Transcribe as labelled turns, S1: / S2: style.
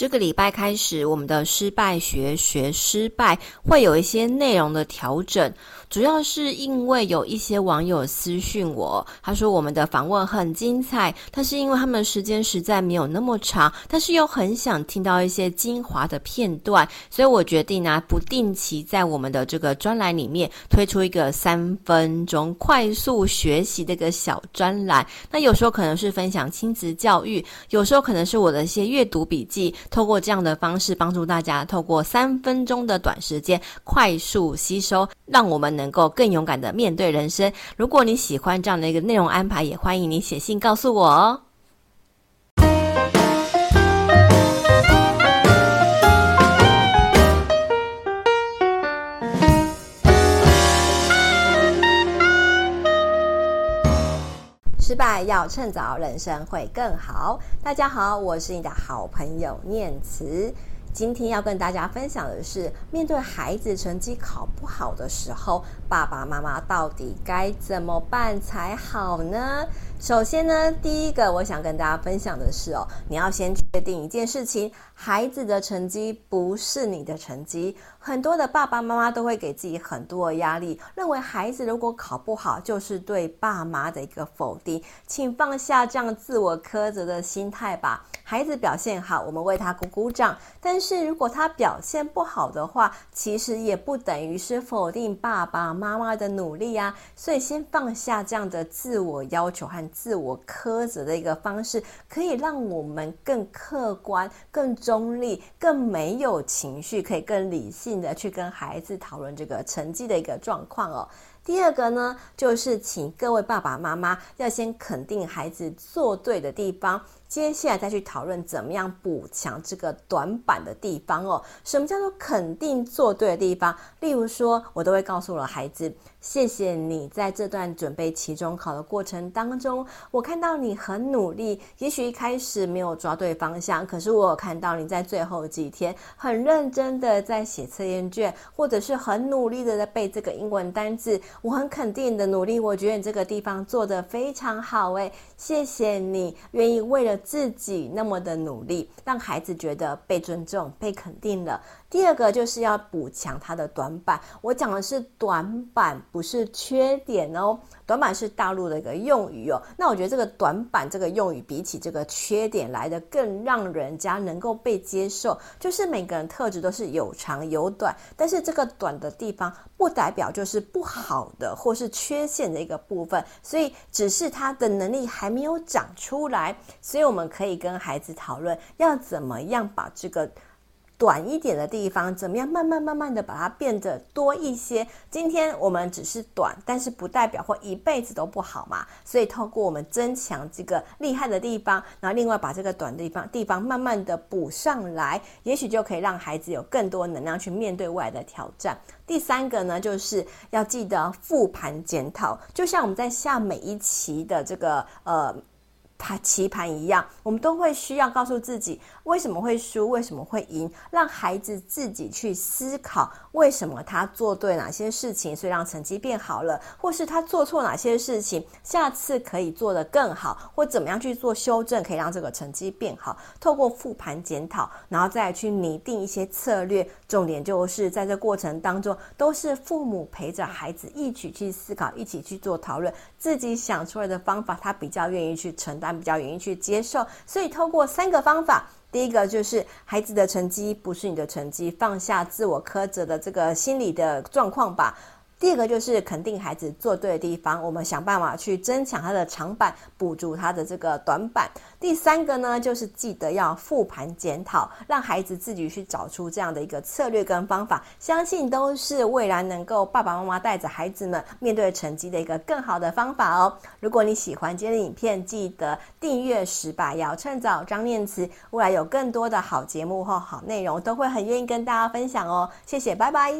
S1: 這個禮拜開始，我們的失敗學學失敗會有一些內容的調整，主要是因為有一些網友私訊我，他說我們的訪問很精彩，但是因為他們的時間實在沒有那麼長，但是又很想聽到一些精華的片段，所以我決定呢、啊，不定期在我們的這個專欄裡面推出一個三分鐘快速學習的一個小專欄。那有時候可能是分享親子教育，有時候可能是我的一些閱讀筆記。透過這樣的方式幫助大家，透過三分鐘的短時間快速吸收，讓我們能夠更勇敢的面對人生。如果你喜歡這樣的一個內容安排，也歡迎你寫信告訴我哦。失敗要趁早，人生會更好。大家好，我是你的好朋友念慈。今天要跟大家分享的是，面對孩子成績考不好的時候，爸爸媽媽到底該怎麼辦才好呢？首先呢，第一個我想跟大家分享的是哦，你要先確定一件事情：孩子的成績不是你的成績。很多的爸爸媽媽都會給自己很多的壓力，認為孩子如果考不好，就是對爸媽的一個否定。請放下這樣自我苛責的心態吧。孩子表現好，我們為他鼓鼓掌，但。但是如果他表現不好的話，其實也不等於是否定爸爸媽媽的努力啊。所以先放下這樣的自我要求和自我苛責的一個方式，可以讓我們更客觀、更中立、更沒有情緒，可以更理性的去跟孩子討論這個成績的一個狀況哦。第二個呢，就是請各位爸爸媽媽要先肯定孩子做對的地方。接下來再去討論怎麼樣補強這個短板的地方哦。什麼叫做肯定做對的地方？例如說，我都會告訴我的孩子。謝謝你在這段準備期中考的過程當中，我看到你很努力。也許一開始沒有抓對方向，可是我有看到你在最後幾天很認真的在寫測驗卷，或者是很努力的在背這個英文單字。我很肯定你的努力，我覺得你這個地方做得非常好，欸。誒。謝謝你願意為了自己那麼的努力，讓孩子覺得被尊重、被肯定了。第二個就是要補強他的短板。我講的是短板。不是缺點哦，短板是大陸的一個用語哦。那我覺得這個短板這個用語，比起這個缺點來的更讓人家能夠被接受。就是每個人特質都是有長有短，但是這個短的地方不代表就是不好的或是缺陷的一個部分，所以只是他的能力還沒有長出來。所以我們可以跟孩子討論要怎麼樣把這個。短一點的地方怎麼樣？慢慢慢慢的把它變得多一些。今天我們只是短，但是不代表會一輩子都不好嘛。所以透過我們增強這個厲害的地方，然後另外把這個短的地方地方慢慢的補上來，也許就可以讓孩子有更多能量去面對未來的挑戰。第三個呢，就是要記得復盤檢討，就像我們在下每一期的這個呃。他棋盤一樣，我們都會需要告訴自己為什麼會輸，為什麼會贏，讓孩子自己去思考為什麼他做對哪些事情，所以讓成績變好了，或是他做錯哪些事情，下次可以做得更好，或怎麼樣去做修正，可以讓這個成績變好。透過復盤檢討，然後再去擬定一些策略。重點就是在這過程當中，都是父母陪着孩子一起去思考，一起去做討論，自己想出來的方法，他比較願意去承擔，比較容易去接受，所以透過三個方法，第一個就是孩子的成績不是你的成績，放下自我苛責的這個心理的狀況吧。第二個就是肯定孩子做對的地方，我們想辦法去增強他的長板，補足他的這個短板。第三個呢，就是記得要復盤檢討，讓孩子自己去找出這樣的一個策略跟方法。相信都是未來能夠爸爸媽媽帶着孩子們面對成績的一個更好的方法哦。如果你喜歡今天的影片，記得訂閱十把，要趁早。張念慈，未來有更多的好節目或好內容都會很願意跟大家分享哦。謝謝，拜拜。